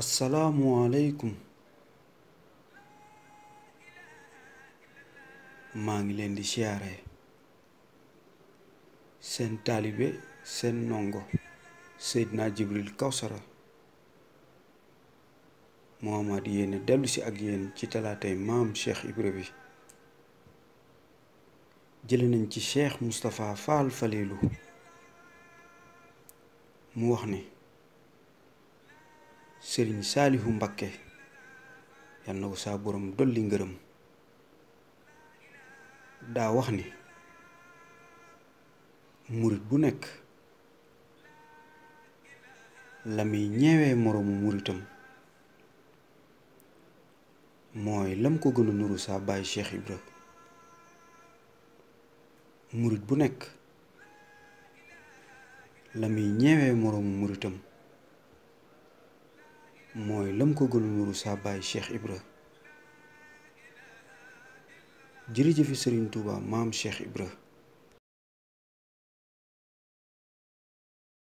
asalaamualeykum maa ngi leen di siyaare seen taalibe seen ndongo Seydina Jibril Kawsara moo amaat yéene dellu ak yéen ci talaatay maam Cheikh Ibra bi jële nañ ci Cheikh Moustapha Fall Falilu mu wax ni sëriñ saalihu mbakke yal na saa borom dolli ngërëm daa wax ni murit bu nekk la ñeewee moroomu muritam mooy lam ko gën a nuru saa baay Cheikh Ibra murit bu nekk lamiy muy ñeewee moroomu muritam mooy lam ko gënu nuru saa baay Cheikh Ibra jërëjëfi Serigne Touba maam Cheikh Ibra